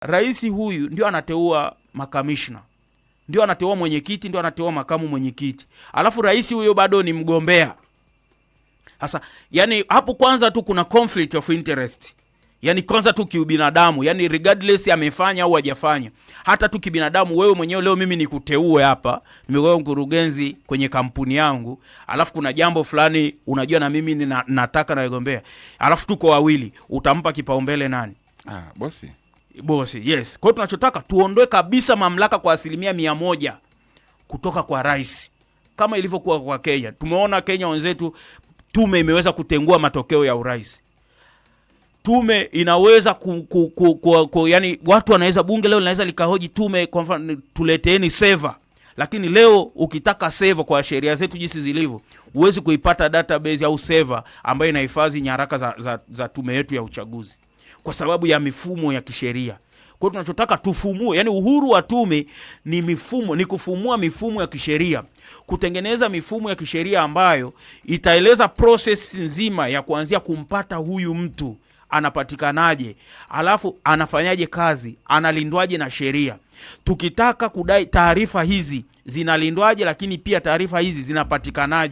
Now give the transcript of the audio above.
rais huyu ndio anateua makamishna, ndio anateua mwenyekiti, ndio anateua makamu mwenyekiti, alafu rais huyo bado ni mgombea. Sasa yani hapo kwanza tu kuna conflict of interest yani kwanza tu kiubinadamu, yani regardless amefanya au hajafanya, hata tu kibinadamu. Wewe mwenyewe leo mimi nikuteue hapa, nimekuwa mkurugenzi kwenye kampuni yangu, alafu kuna jambo fulani unajua na mimi nina, nataka nagombea, alafu tuko wawili, utampa kipaumbele nani? Ah, bosi bosi. Yes. Kwa tunachotaka tuondoe kabisa mamlaka kwa asilimia mia moja kutoka kwa rais kama ilivyokuwa kwa Kenya. Tumeona Kenya wenzetu, tume imeweza kutengua matokeo ya urais. Tume inaweza ku, ku, ku, ku, ku, yani watu wanaweza, bunge leo linaweza likahoji tume, kwa mfano tuleteeni seva lakini leo ukitaka seva kwa sheria zetu jinsi zilivyo, huwezi kuipata database au seva ambayo inahifadhi nyaraka za, za, za tume yetu ya uchaguzi kwa sababu ya mifumo ya kisheria. Kwa hiyo tunachotaka tufumue, yani uhuru wa tume ni mifumo, ni kufumua mifumo ya kisheria, kutengeneza mifumo ya kisheria ambayo itaeleza process nzima ya kuanzia kumpata huyu mtu anapatikanaje, alafu anafanyaje kazi, analindwaje na sheria. Tukitaka kudai taarifa hizi zinalindwaje, lakini pia taarifa hizi zinapatikanaje.